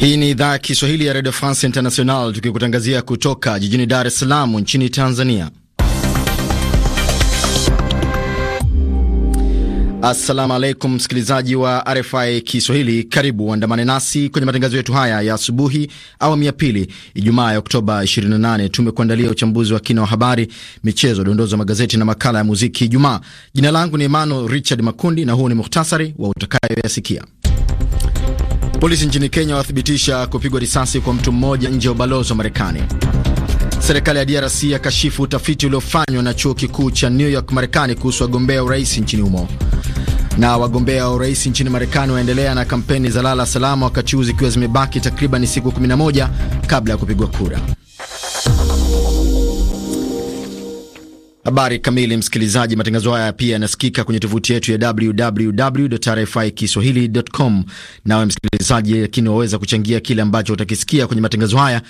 Hii ni idhaa ya Kiswahili ya Radio France International tukikutangazia kutoka jijini Dar es Salaam nchini Tanzania. Assalamu alaikum, msikilizaji wa RFI Kiswahili, karibu uandamane nasi kwenye matangazo yetu haya ya asubuhi, awamu ya pili, Ijumaa ya Oktoba 28. Tumekuandalia uchambuzi wa kina wa habari, michezo, dondozo magazeti na makala ya muziki Ijumaa. Jina langu ni Emmanuel Richard Makundi na huu ni muhtasari wa utakayoyasikia. Polisi nchini Kenya wathibitisha kupigwa risasi kwa mtu mmoja nje ya ubalozi wa Marekani. Serikali ya DRC yakashifu utafiti uliofanywa na chuo kikuu cha New York Marekani kuhusu wagombea urais nchini humo. Na wagombea wa urais nchini Marekani waendelea na kampeni za lala salama, wakati huu zikiwa zimebaki takriban siku 11 kabla ya kupigwa kura. Habari kamili, msikilizaji. Matangazo haya pia yanasikika kwenye tovuti yetu ya www.rfikiswahili.com. Nawe msikilizaji, lakini waweza kuchangia kile ambacho utakisikia kwenye matangazo haya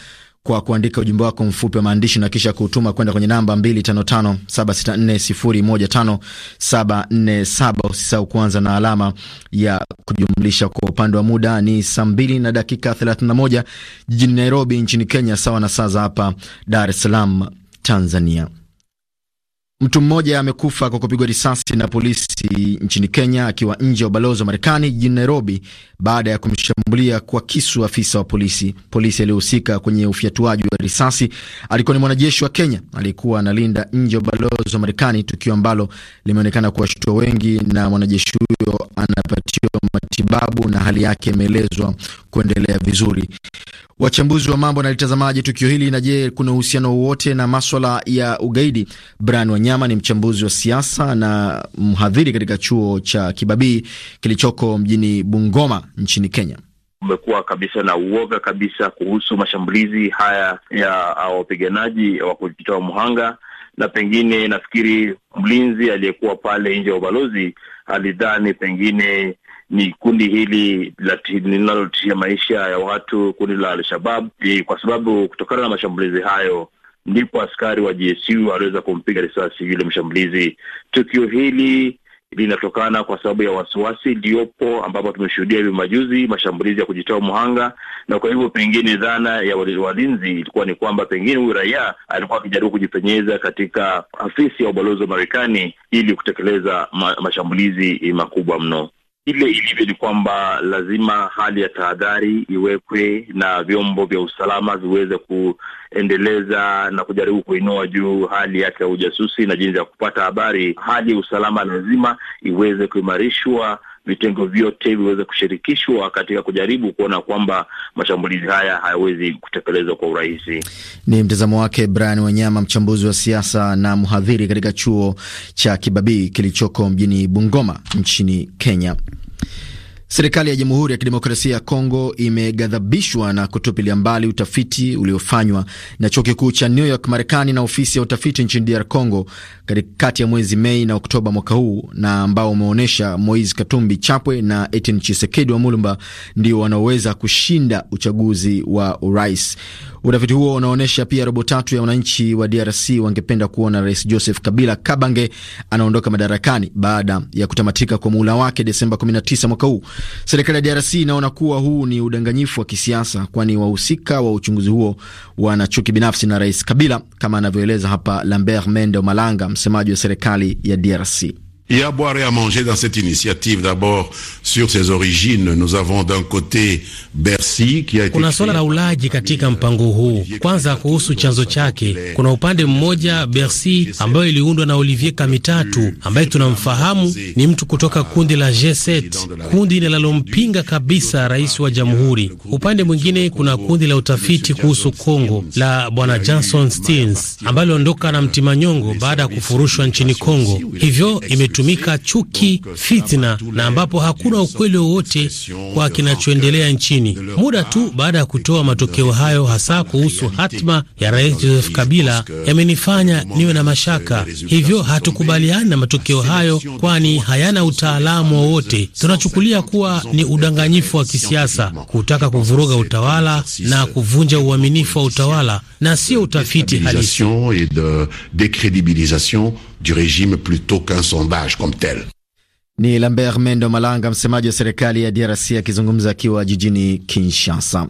kwa kuandika ujumbe wako mfupi wa maandishi na kisha kuutuma kwenda kwenye namba 255764015747. Usisahau kuanza na alama ya kujumlisha. Kwa upande wa muda ni saa b na dakika 31 jijini Nairobi nchini Kenya, sawa na saa za hapa Dar es Salaam Tanzania. Mtu mmoja amekufa kwa kupigwa risasi na polisi nchini Kenya akiwa nje ya ubalozi wa Marekani jijini Nairobi baada ya kumshambulia kwa kisu afisa wa polisi. Polisi aliyehusika kwenye ufyatuaji wa risasi alikuwa ni mwanajeshi wa Kenya aliyekuwa analinda nje ya ubalozi wa Marekani, tukio ambalo limeonekana kuwashtua wengi, na mwanajeshi huyo anapatiwa matibabu na hali yake imeelezwa kuendelea vizuri. Wachambuzi wa mambo nalitazamaje tukio hili na je, kuna uhusiano wowote na maswala ya ugaidi? Brian Wanyama ni mchambuzi wa siasa na mhadhiri katika chuo cha Kibabii kilichoko mjini Bungoma nchini Kenya. Kumekuwa kabisa na uoga kabisa kuhusu mashambulizi haya ya wapiganaji wa kujitoa mhanga, na pengine nafikiri mlinzi aliyekuwa pale nje ya ubalozi alidhani pengine ni kundi hili linalotishia maisha ya watu, kundi la Alshabab, kwa sababu kutokana na mashambulizi hayo ndipo askari wa GSU aliweza kumpiga risasi yule mshambulizi. Tukio hili linatokana kwa sababu ya wasiwasi iliyopo, ambapo tumeshuhudia hivi majuzi mashambulizi ya kujitoa mhanga, na kwa hivyo pengine dhana ya walinzi ilikuwa ni kwamba pengine huyu raia alikuwa akijaribu kujipenyeza katika afisi ya ubalozi wa Marekani ili kutekeleza ma mashambulizi makubwa mno. Ile ilivyo ni kwamba lazima hali ya tahadhari iwekwe na vyombo vya usalama viweze kuendeleza na kujaribu kuinua juu hali yake ya ujasusi na jinsi ya kupata habari. Hali ya usalama lazima iweze kuimarishwa vitengo vyote viweze kushirikishwa katika kujaribu kuona kwamba mashambulizi haya hayawezi kutekelezwa kwa urahisi. Ni mtazamo wake Brian Wanyama, mchambuzi wa siasa na mhadhiri katika chuo cha Kibabii kilichoko mjini Bungoma nchini Kenya. Serikali ya Jamhuri ya Kidemokrasia ya Kongo imeghadhabishwa na kutupilia mbali utafiti uliofanywa na chuo kikuu cha New York Marekani na ofisi ya utafiti nchini DR Congo katikati ya mwezi Mei na Oktoba mwaka huu na ambao umeonyesha Moise Katumbi Chapwe na Etienne Tshisekedi wa Mulumba ndio wanaoweza kushinda uchaguzi wa urais. Utafiti huo unaonyesha pia robo tatu ya wananchi wa DRC wangependa kuona Rais Joseph Kabila Kabange anaondoka madarakani baada ya kutamatika kwa muhula wake Desemba 19 mwaka huu. Serikali ya DRC inaona kuwa huu ni udanganyifu wa kisiasa, kwani wahusika wa uchunguzi huo wana chuki binafsi na Rais Kabila, kama anavyoeleza hapa Lambert Mende Malanga, msemaji wa serikali ya DRC. Il y a à boire et à manger dans cette initiative. D'abord, sur ses origines, nous avons d'un côté Bercy qui a été. Kuna swala la ulaji katika mpango huu. Kwanza, kuhusu chanzo chake, kuna upande mmoja Bercy ambayo iliundwa na Olivier Kamitatu ambaye tunamfahamu ni mtu kutoka kundi la G7, kundi linalompinga kabisa rais wa jamhuri. Upande mwingine kuna kundi la utafiti kuhusu Kongo la bwana Johnson Stins ambalo ondoka na Mtimanyongo baada ya kufurushwa nchini Kongo, hivyo imetu kutumika chuki, fitna na ambapo hakuna ukweli wowote kwa kinachoendelea nchini. Muda tu baada ya kutoa matokeo hayo, hasa kuhusu hatma ya Rais Joseph Kabila, yamenifanya niwe na mashaka. Hivyo hatukubaliani na matokeo hayo, kwani hayana utaalamu wowote. Tunachukulia kuwa ni udanganyifu wa kisiasa, kutaka kuvuruga utawala na kuvunja uaminifu wa utawala na sio utafiti halisi. du régime plutôt qu'un sondage comme tel. Ni Lambert Mendo Malanga, msemaji wa serikali ya DRC akizungumza akiwa jijini Kinshasa.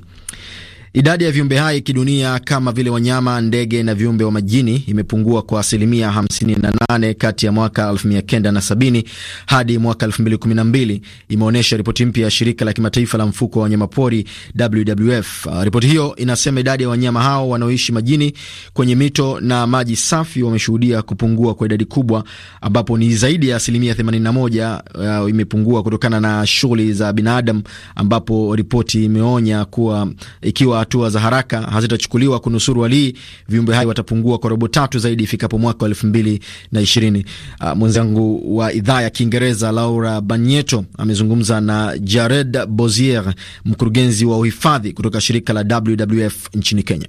Idadi ya viumbe hai kidunia kama vile wanyama, ndege na viumbe wa majini imepungua kwa asilimia 58 kati ya mwaka 1970 hadi mwaka 2012, imeonyesha ripoti mpya ya shirika la kimataifa la mfuko wa wanyamapori WWF. Uh, ripoti hiyo inasema idadi ya wanyama hao wanaoishi majini kwenye mito na maji safi wameshuhudia kupungua kwa idadi kubwa, ambapo ni zaidi ya asilimia 81, uh, imepungua kutokana na shughuli za binadamu, ambapo ripoti imeonya kuwa ikiwa hatua za haraka hazitachukuliwa kunusuru walii viumbe hai watapungua kwa robo tatu zaidi ifikapo mwaka wa elfu mbili na ishirini. Uh, mwenzangu wa idhaa ya Kiingereza Laura Banyeto amezungumza na Jared Bozier, mkurugenzi wa uhifadhi kutoka shirika la WWF nchini Kenya.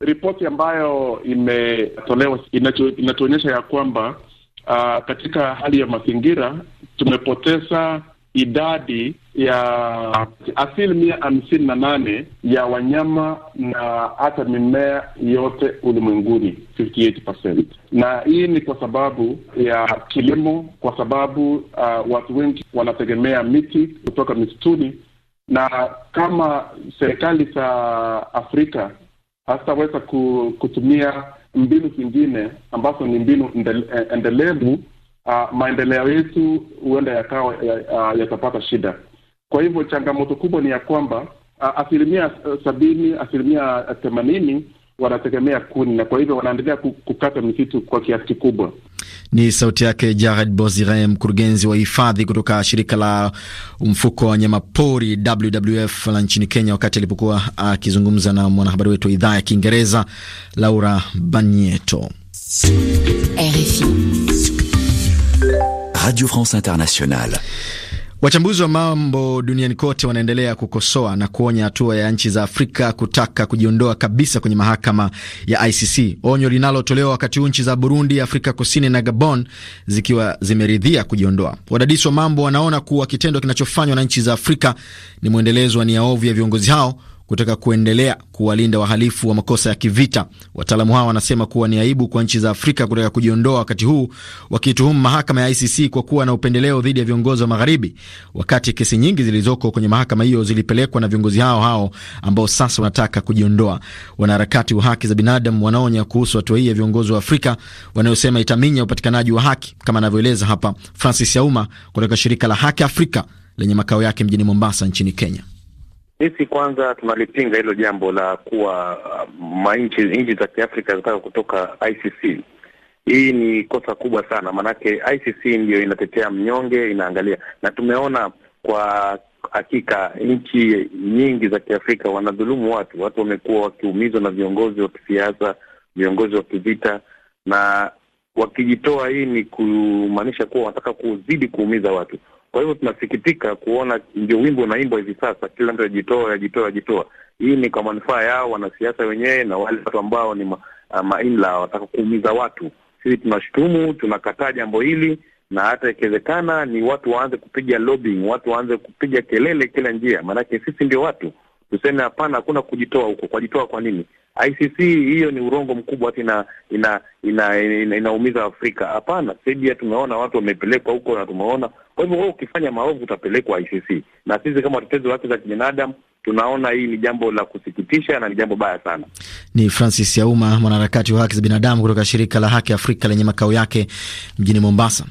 Ripoti ambayo imetolewa inatuonyesha ya kwamba uh, katika hali ya mazingira tumepoteza idadi ya asilimia hamsini na nane ya wanyama na hata mimea yote ulimwenguni 58%. Na hii ni kwa sababu ya kilimo, kwa sababu uh, watu wengi wanategemea miti kutoka misituni, na kama serikali za Afrika hazitaweza kutumia mbinu zingine ambazo ni mbinu endelevu ndel uh, maendeleo yetu huenda yakawa yatapata uh, shida. Kwa hivyo changamoto kubwa ni ya kwamba uh, asilimia eh, sabini asilimia eh, themanini wanategemea kuni na kwa hivyo wanaendelea kukata misitu kwa kiasi kikubwa. Ni sauti yake Jared Bozire, mkurugenzi wa hifadhi kutoka shirika la mfuko wa pori WWF la nchini Kenya, wakati alipokuwa akizungumza na mwanahabari wetu wa idhaa ya Kiingereza Laura banieto RFI. Radio France Internationale. Wachambuzi wa mambo duniani kote wanaendelea kukosoa na kuonya hatua ya nchi za Afrika kutaka kujiondoa kabisa kwenye mahakama ya ICC, onyo linalotolewa wakati huu nchi za Burundi, Afrika Kusini na Gabon zikiwa zimeridhia kujiondoa. Wadadisi wa mambo wanaona kuwa kitendo kinachofanywa na nchi za Afrika ni mwendelezo wa nia ovu ya viongozi hao kutaka kuendelea kuwalinda wahalifu wa makosa ya kivita. Wataalamu hawa wanasema kuwa ni aibu kwa nchi za Afrika kutaka kujiondoa, wakati huu wakituhumu mahakama ya ICC kwa kuwa na upendeleo dhidi ya viongozi wa Magharibi, wakati kesi nyingi zilizoko kwenye mahakama hiyo zilipelekwa na viongozi hao hao ambao sasa wanataka kujiondoa. Wanaharakati wa haki za binadamu wanaonya kuhusu hatua hii ya viongozi wa Afrika wanayosema itaminya upatikanaji wa haki, kama anavyoeleza hapa Francis Yauma kutoka shirika la Haki Afrika lenye makao yake mjini Mombasa nchini Kenya. Sisi kwanza tunalipinga hilo jambo la kuwa uh, nchi za Kiafrika zinataka kutoka ICC. Hii ni kosa kubwa sana, maanake ICC ndiyo inatetea mnyonge, inaangalia, na tumeona kwa hakika nchi nyingi za Kiafrika wanadhulumu watu. Watu wamekuwa wakiumizwa na viongozi wa kisiasa, viongozi wa kivita, na wakijitoa, hii ni kumaanisha kuwa wanataka kuzidi kuumiza watu. Kwa hivyo tunasikitika kuona ndio wimbo unaimbwa hivi sasa, kila mtu ajitoa ajitoa ajitoa. Hii ni kwa manufaa yao wanasiasa wenyewe na wale watu ambao ni ma, ah, mainla wataka kuumiza watu. Sisi tunashutumu, tunakataa jambo hili, na hata ikiwezekana ni watu waanze kupiga lobbying, watu waanze kupiga kelele kila njia, maanake sisi ndio watu tuseme hapana, hakuna kujitoa huko. Kwajitoa kwa nini? ICC hiyo ni urongo mkubwa, ati ina inaumiza ina, ina, ina, Afrika. Hapana, Serbia tumeona watu wamepelekwa huko na tumeona. Kwa hivyo wewe ukifanya maovu utapelekwa ICC, na sisi kama watetezi wa haki za kibinadamu tunaona hii ni jambo la kusikitisha na ni jambo baya sana. Ni Francis Yauma, mwanaharakati wa haki za binadamu kutoka shirika la Haki Afrika lenye makao yake mjini Mombasa.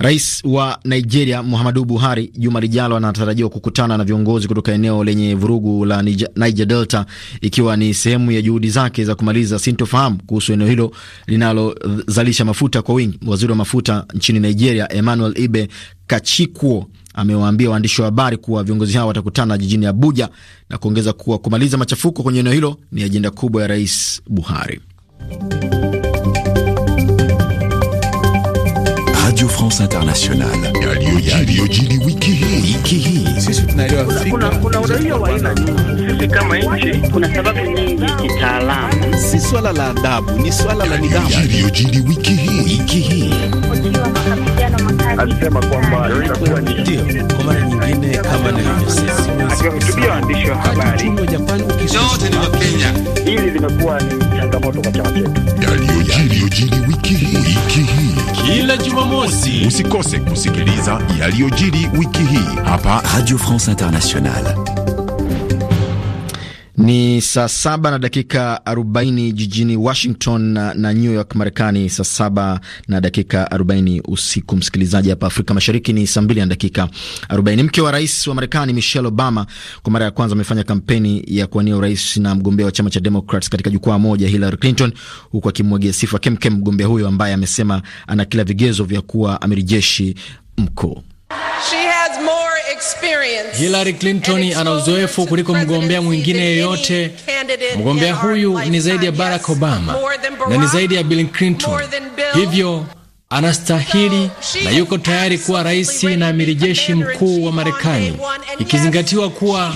Rais wa Nigeria Muhammadu Buhari juma lijalo anatarajiwa kukutana na viongozi kutoka eneo lenye vurugu la Niger Delta, ikiwa ni sehemu ya juhudi zake za kumaliza sintofahamu kuhusu eneo hilo linalozalisha mafuta kwa wingi. Waziri wa mafuta nchini Nigeria Emmanuel Ibe Kachikwo amewaambia waandishi wa habari kuwa viongozi hao watakutana jijini Abuja na kuongeza kuwa kumaliza machafuko kwenye eneo hilo ni ajenda kubwa ya Rais Buhari. Amnesty internationale. si swala la adabu, ni swala la yaani nidhamu. Yaliyojiri wiki hii, wiki hii alisema kwamba ndio kwa mara nyingine, kama nilivyosema, akiwahutubia waandishi wa habari, wote ni Wakenya. Hili limekuwa ni changamoto kwa chama chetu. Yaliyojiri wiki hii kila Jumamosi, usikose kusikiliza yaliyojiri wiki hii hapa Radio France Internationale. Ni saa saba na dakika arobaini jijini Washington na, na New York Marekani, saa saba na dakika arobaini usiku. Msikilizaji, hapa Afrika Mashariki ni saa mbili na dakika arobaini. Mke wa rais wa Marekani Michelle Obama kwa mara ya kwanza amefanya kampeni ya kuwania urais na mgombea wa chama cha Democrats katika jukwaa moja Hillary Clinton, huku akimwagia sifa kemkem mgombea huyo ambaye amesema ana kila vigezo vya kuwa amiri jeshi mkuu. Hillary Clinton ana uzoefu kuliko mgombea mwingine yeyote. Mgombea huyu ni zaidi ya Barack Obama na ni zaidi ya Bill Clinton, hivyo anastahili na yuko tayari kuwa rais na amiri jeshi mkuu wa Marekani, ikizingatiwa kuwa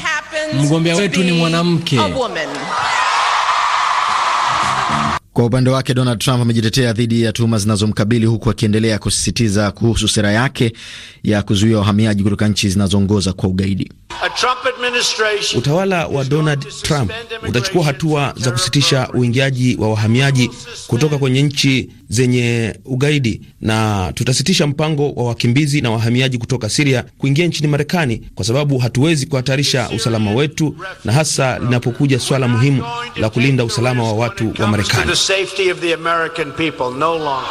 mgombea wetu ni mwanamke. Kwa upande wake Donald Trump amejitetea dhidi ya tuhuma zinazomkabili huku akiendelea kusisitiza kuhusu sera yake ya kuzuia wahamiaji kutoka nchi zinazoongoza kwa ugaidi. Utawala wa Donald Trump utachukua hatua za kusitisha uingiaji wa wahamiaji kutoka kwenye nchi zenye ugaidi, na tutasitisha mpango wa wakimbizi na wahamiaji kutoka Siria kuingia nchini Marekani, kwa sababu hatuwezi kuhatarisha usalama wetu, na hasa linapokuja swala muhimu la kulinda usalama wa watu wa Marekani safety of the American people no longer.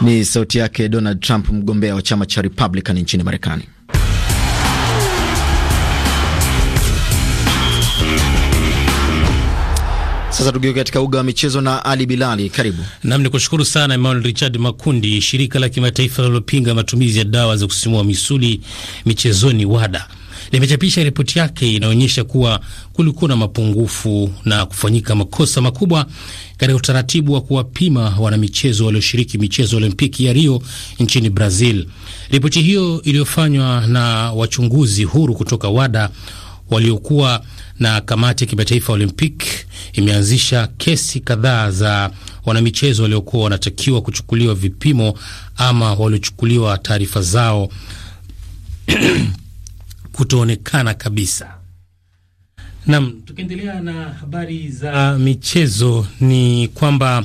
Ni sauti yake Donald Trump, mgombea wa chama cha Republican nchini Marekani. Sasa tugeuke katika uga wa michezo na Ali Bilali, karibu nam. Ni kushukuru sana Emmanuel Richard Makundi. Shirika la kimataifa linalopinga matumizi ya dawa za kusisimua misuli michezoni, WADA limechapisha ripoti yake inaonyesha kuwa kulikuwa na mapungufu na kufanyika makosa makubwa katika utaratibu wa kuwapima wanamichezo walioshiriki michezo ya Olimpiki ya Rio nchini Brazil. Ripoti hiyo iliyofanywa na wachunguzi huru kutoka WADA waliokuwa na kamati ya kimataifa Olympic imeanzisha kesi kadhaa za wanamichezo waliokuwa wanatakiwa kuchukuliwa vipimo ama waliochukuliwa taarifa zao kutoonekana kabisa. Nam, tukiendelea na habari za michezo ni kwamba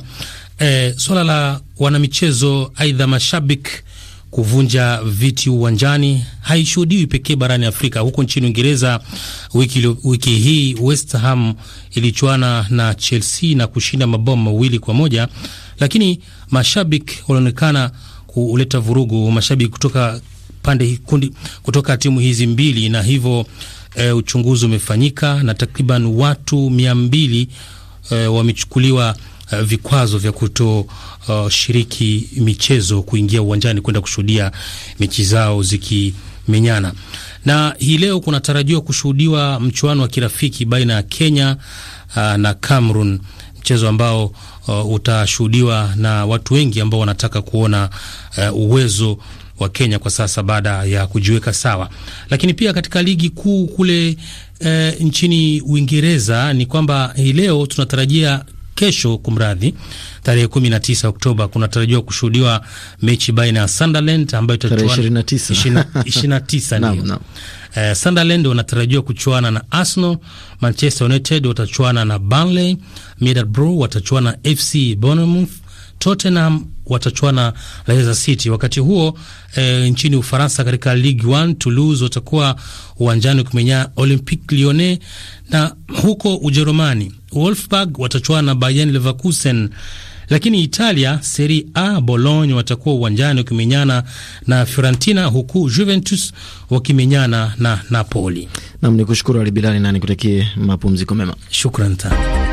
eh, swala la wanamichezo aidha mashabiki kuvunja viti uwanjani haishuhudiwi pekee barani Afrika. Huko nchini Uingereza wiki, wiki hii West Ham ilichuana na Chelsea na kushinda mabao mawili kwa moja, lakini mashabiki walionekana kuleta vurugu. Mashabiki kutoka pande kundi kutoka timu hizi mbili, na hivyo e, uchunguzi umefanyika na takriban watu mia mbili e, wamechukuliwa e, vikwazo vya kuto e, shiriki michezo kuingia uwanjani kwenda kushuhudia mechi zao zikimenyana. Na hii leo kunatarajiwa kushuhudiwa mchuano wa kirafiki baina ya Kenya uh, na Cameroon mchezo ambao uh, utashuhudiwa na watu wengi ambao wanataka kuona uh, uwezo wa Kenya kwa sasa baada ya kujiweka sawa. Lakini pia katika ligi kuu kule e, nchini Uingereza ni kwamba hii leo tunatarajia kesho kumradhi, tarehe 19 Oktoba kunatarajiwa kushuhudiwa mechi baina ya Sunderland ambayo itachuana 29 29 eh, Sunderland wanatarajiwa kuchuana na Arsenal, Manchester United watachuana na Burnley, Middlesbrough watachuana na FC Bournemouth Tottenham watachuana Leicester City. Wakati huo e, nchini Ufaransa katika Ligue 1 Toulouse watakuwa uwanjani kumenya Olympique Lyonnais, na huko Ujerumani Wolfsburg watachuana na Bayer Leverkusen. Lakini Italia Serie A Bologna watakuwa uwanjani wakimenyana na Fiorentina, huku Juventus wakimenyana na Napoli. Nam ni kushukuru na nikutakie mapumziko mema, shukran sana.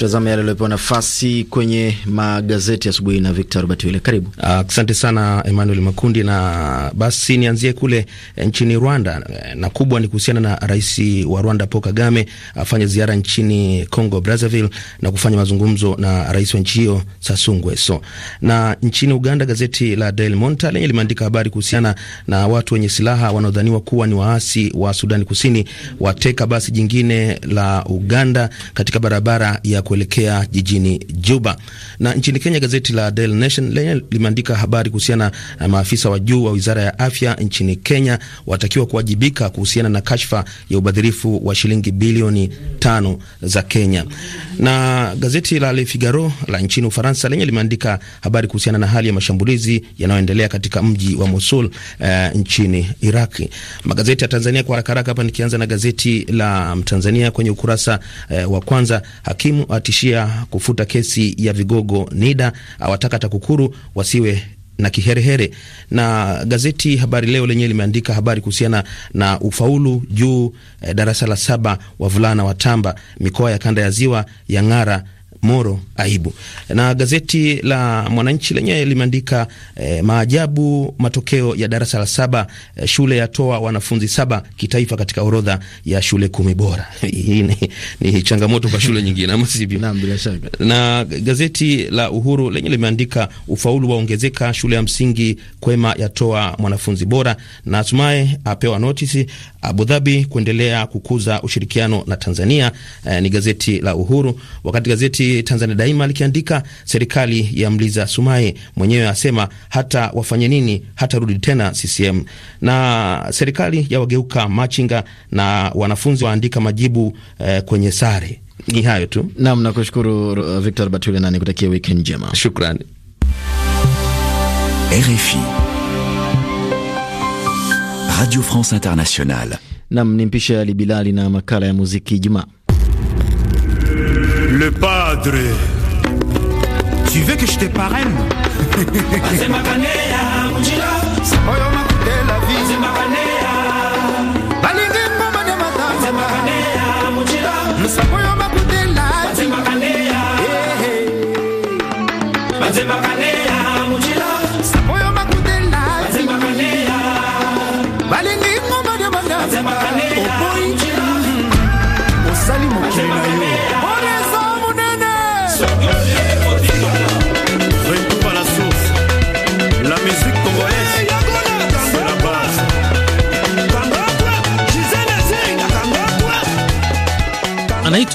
Tutazame yale yaliyopewa nafasi kwenye magazeti asubuhi na Victor Robert Wile, karibu. Asante uh, sana Emmanuel Makundi, na basi nianzie kule eh, nchini Rwanda, eh, na kubwa ni kuhusiana na rais wa Rwanda Paul Kagame afanye ziara nchini Congo Brazzaville na kufanya mazungumzo na rais wa nchi hiyo Sassou Nguesso. Na nchini Uganda, gazeti la Daily Monitor lenye limeandika habari kuhusiana na watu wenye silaha wanaodhaniwa kuwa ni waasi wa Sudani Kusini wateka basi jingine la Uganda katika barabara ya kuelekea jijini Juba. Na nchini Kenya, gazeti la Daily Nation lenye limeandika habari kuhusiana na maafisa wa juu wa wizara ya afya nchini Kenya watakiwa kuwajibika kuhusiana na kashfa ya ubadhirifu wa shilingi bilioni tano za Kenya. Na gazeti la Le Figaro la nchini Ufaransa lenye limeandika habari kuhusiana na hali ya mashambulizi yanayoendelea katika mji wa Mosul eh, nchini Iraki. Magazeti ya Tanzania kwa haraka haraka hapa, nikianza na gazeti la Mtanzania kwenye ukurasa eh, wa kwanza hakimu awatishia kufuta kesi ya vigogo NIDA, awataka TAKUKURU wasiwe na kiherehere. Na gazeti Habari Leo lenyewe limeandika habari kuhusiana na ufaulu juu, eh, darasa la saba wavulana watamba, mikoa ya kanda ya ziwa ya ng'ara Moro aibu. Na gazeti la Mwananchi lenyewe limeandika eh, maajabu matokeo ya darasa la saba eh, shule yatoa wanafunzi saba kitaifa katika orodha ya shule kumi bora. Hii ni, ni changamoto kwa shule nyingine ama sivyo? Naam, bila shaka. Na gazeti la Uhuru lenyewe limeandika ufaulu waongezeka, shule ya msingi Kwema yatoa mwanafunzi bora, na hatimaye apewa notisi Abu Dhabi kuendelea kukuza ushirikiano na Tanzania. Eh, ni gazeti la Uhuru, wakati gazeti Tanzania Daima likiandika serikali ya mliza Sumaye, mwenyewe asema hata wafanye nini hata rudi tena CCM, na serikali ya wageuka machinga na wanafunzi waandika majibu eh, kwenye sare. Ni hayo tu. nam, nakushukuru uh, Victor Batuli na nikutakia weekend njema. Shukrani. RFI Radio France Internationale. Nam ni mpisha Ali Bilali na makala ya muziki Ijumaa. Le padre. Tu veux que je te parraine ah,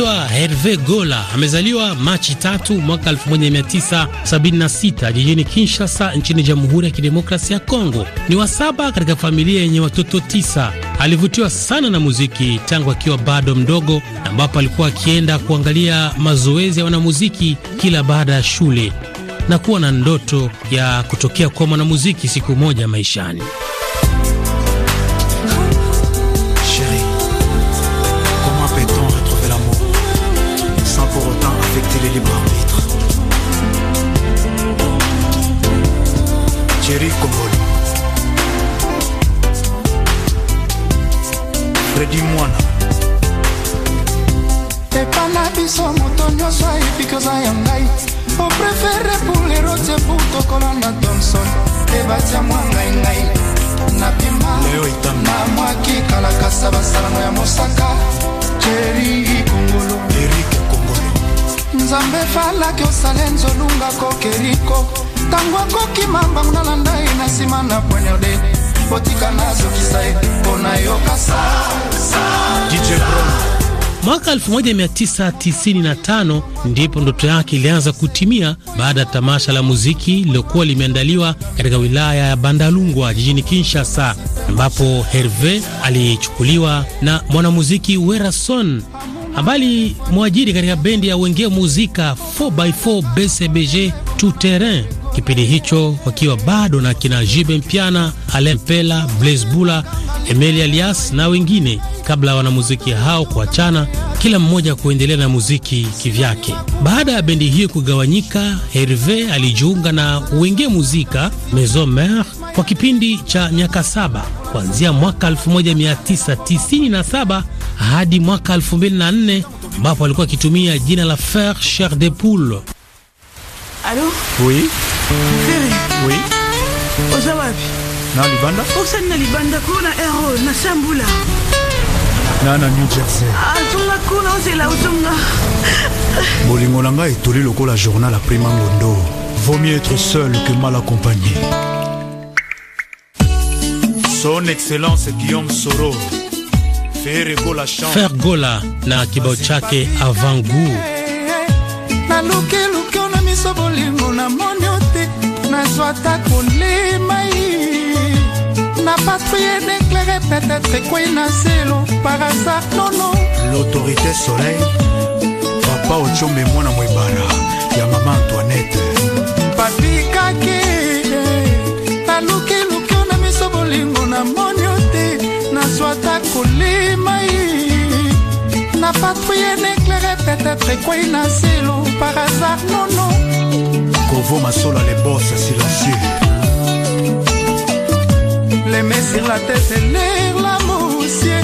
anaitwa Herve Gola, amezaliwa Machi tatu mwaka 1976 jijini Kinshasa nchini Jamhuri ya Kidemokrasia ya Kongo. Ni wa saba katika familia yenye watoto tisa. Alivutiwa sana na muziki tangu akiwa bado mdogo, ambapo alikuwa akienda kuangalia mazoezi ya wanamuziki kila baada ya shule na kuwa na ndoto ya kutokea kuwa mwanamuziki siku moja maishani. Fredi Mwana. Hapana bisa moto nyonso epikoza ya O prefere puleroti eputokola na thomson ebatya mwa ngai ngai na bima na mwaki kalakasa basalango ya mosaka jeri ikongolo nzambe falaki osale nzolunga kokeriko ntango akoki mambango nalanda ye na nsima na poignarde nazo Mwaka 1995 ndipo ndoto yake ilianza kutimia baada ya tamasha la muziki lililokuwa limeandaliwa katika wilaya ya Bandalungwa jijini Kinshasa, ambapo Herve alichukuliwa na mwanamuziki Werason ambaye alimwajiri katika bendi ya Wenge Muzika 4x4 BCBG Tout Terrain kipindi hicho wakiwa bado na kina Jibe Mpiana, Alain Pela, Blaise Bula, Emeli Alias na wengine, kabla wanamuziki hao kuachana, kila mmoja kuendelea na muziki kivyake. Baada ya bendi hiyo kugawanyika, Herve alijiunga na Wenge Muzika Maison Mere kwa kipindi cha miaka saba kuanzia mwaka 1997 hadi mwaka 2004 ambapo alikuwa akitumia jina la Fer Cher de Poule. Alo? Oui. Ferry. Oui. Oza Na Libanda. Osani na Libanda kuna ero na Sambula. Na na New Jersey. Atunga ah, kuna ozela otunga. Bolingo na ngai etoli la journal après Mangondo. Vaut mieux être seul que mal accompagné. Son Excellence Guillaume Soro Fergola na kibao chake Avangu. Nalukiluki na miso bolingo na moni yesu ata kolema ye na patrie déclaré peut-être ekwei na zelo par hasard nono l'autorité soleil papa otiombe mwana mwebara ya mama antoinette babikaki nalukiluki na miso bolingo na moni o te nazwa ata kolema ye na patrie déclaré peut-être ekwei na zelo par hasard nono Corvo Masolo, les boss silencieux. Les mains sur la tête l'air, la moussier.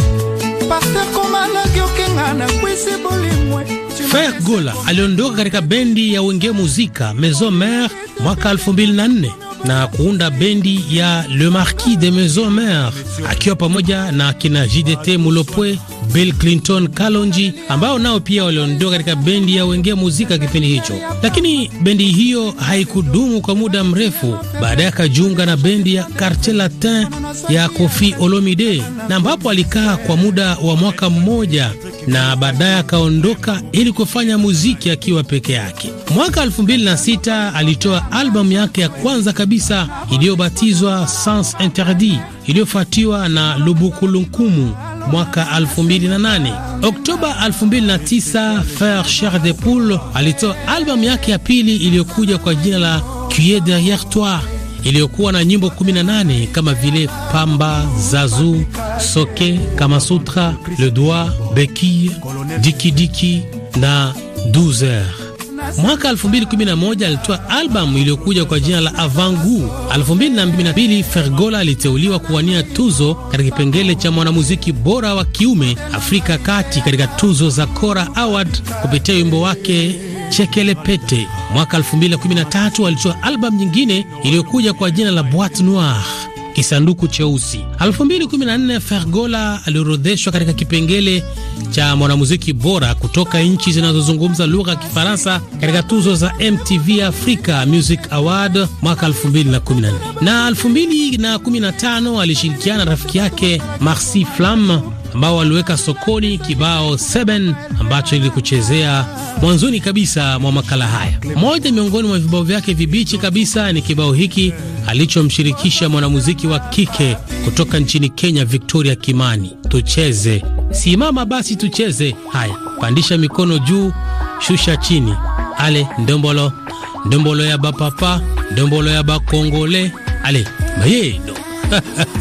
Pasteur Komana Gyokenga na kwisi bolimwe. Frere Gola aliondoka katika bendi ya Wenge Muzika Maison Mère mwaka 2004 na kuunda bendi ya Le Marquis de Maison Mère akiwa pamoja na kina JDT Mulopwe Bill Clinton, Kalonji ambao nao pia waliondoka katika bendi ya Wengea Muzika kipindi hicho, lakini bendi hiyo haikudumu kwa muda mrefu. Baadaye akajiunga na bendi ya Cartel Latin ya Kofi Olomide na ambapo alikaa kwa muda wa mwaka mmoja na baadaye akaondoka ili kufanya muziki akiwa peke yake. Mwaka 2006 alitoa albamu yake ya kwanza kabisa iliyobatizwa Sans Interdit iliyofuatiwa na Lubukulunkumu mwaka 2008. Oktoba 2009, Fer Cher de Poule alitoa albamu yake ya pili iliyokuja kwa jina la Cuie derriere toi iliyokuwa na nyimbo 18 kama vile Pamba, Zazu, Soke, Kamasutra, Le Doigt, Beki, Dikidiki na 12 heures. Mwaka 2011 alitoa albamu iliyokuja kwa jina la Avangu. 2012 Fergola aliteuliwa kuwania tuzo katika kipengele cha mwanamuziki bora wa kiume Afrika Kati katika tuzo za Cora Award kupitia wimbo wake Chekelepete. Mwaka 2013 alitoa albamu nyingine iliyokuja kwa jina la Boîte Noire kisanduku cheusi. 2014 Fergola aliorodheshwa katika kipengele cha mwanamuziki bora kutoka nchi zinazozungumza lugha ya Kifaransa katika tuzo za MTV Africa Music Award mwaka 2014 na 2015 alishirikiana na rafiki yake Marcy flam ambao waliweka sokoni kibao 7 ambacho ili kuchezea mwanzoni kabisa mwa makala haya. Moja miongoni mwa vibao vyake vibichi kabisa ni kibao hiki alichomshirikisha mwanamuziki wa kike kutoka nchini Kenya, Victoria Kimani, tucheze simama basi tucheze. Haya, pandisha mikono juu, shusha chini, ale ndombolo ndombolo ya bapapa ndombolo ya bakongole ale mayendo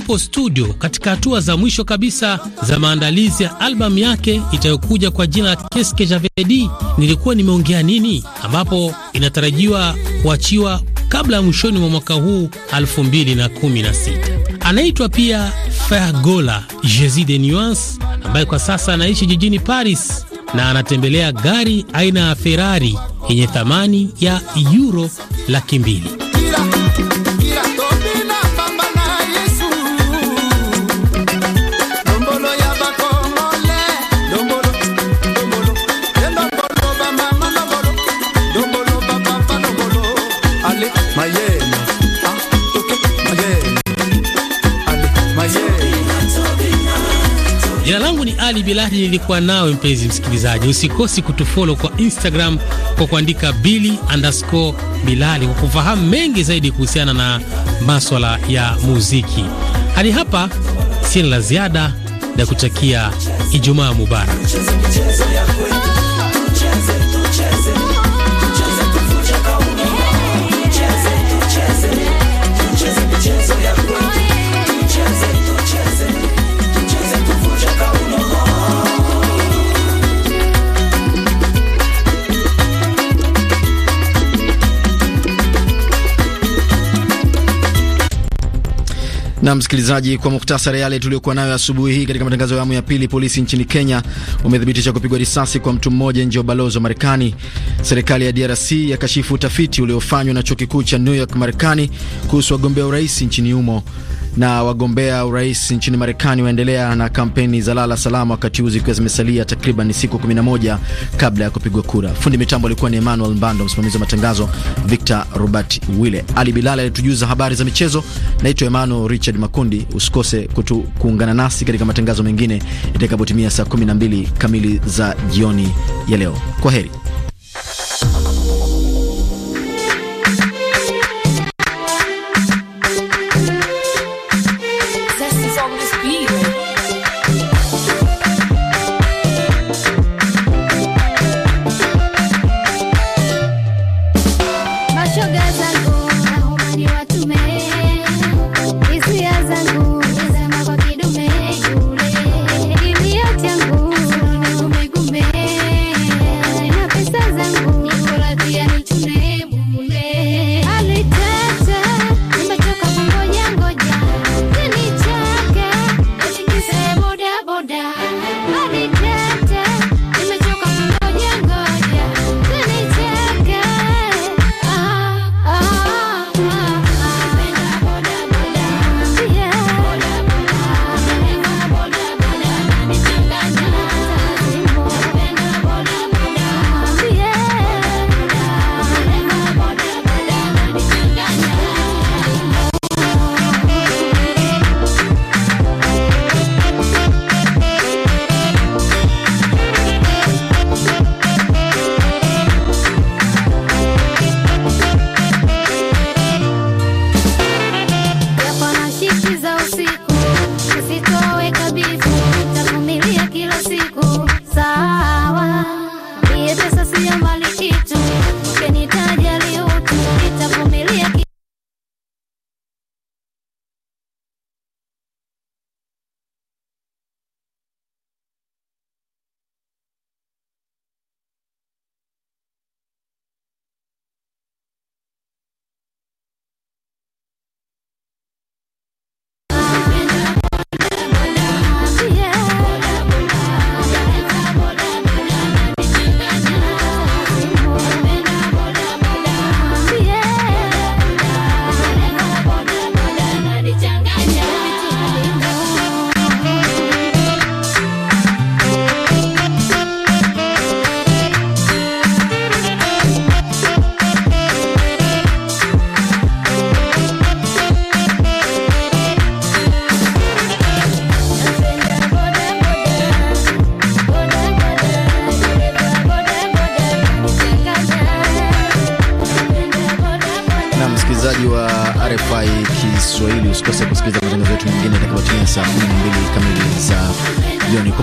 yupo studio katika hatua za mwisho kabisa za maandalizi ya albamu yake itayokuja kwa jina Keske Javedi, nilikuwa nimeongea nini, ambapo inatarajiwa kuachiwa kabla ya mwishoni mwa mwaka huu 2016. Anaitwa pia Fergola Jezi de Nuance, ambaye kwa sasa anaishi jijini Paris na anatembelea gari aina ya Ferrari yenye thamani ya euro laki mbili. Ali Bilali nilikuwa nawe, mpenzi msikilizaji, usikosi kutufolo kwa Instagram kwa kuandika bili underscore bilali kwa kufahamu mengi zaidi kuhusiana na maswala ya muziki. Hadi hapa sina la ziada na kutakia Ijumaa mubarak. Na msikilizaji, kwa muktasari yale tuliyokuwa nayo asubuhi hii katika matangazo ya awamu ya pili. Polisi nchini Kenya wamethibitisha kupigwa risasi kwa mtu mmoja nje ya ubalozi wa Marekani. Serikali ya DRC yakashifu utafiti uliofanywa na chuo kikuu cha New York Marekani kuhusu wagombea urais nchini humo. Na wagombea urais nchini Marekani waendelea na kampeni za lala salama, wakati huu zikiwa zimesalia takriban siku 11 kabla ya kupigwa kura. Fundi mitambo alikuwa ni Emmanuel Mbando, msimamizi wa matangazo Victor Robert wille Ali Bilal alitujuza habari za michezo. Naitwa Emmanuel Richard Makundi. Usikose kutu, kuungana nasi katika matangazo mengine itakapotimia saa 12 kamili za jioni ya leo. Kwa heri.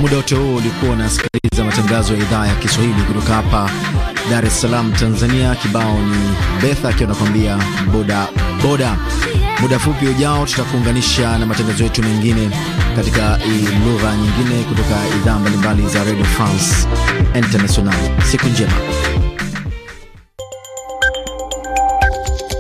muda wote huo ulikuwa unasikiliza matangazo ya idhaa ya Kiswahili kutoka hapa Dar es Salaam, Tanzania. Kibao ni Betha akiwa anakuambia boda boda. Muda fupi ujao, tutakuunganisha na matangazo yetu mengine katika lugha nyingine kutoka idhaa mbalimbali za Radio France International. Siku njema.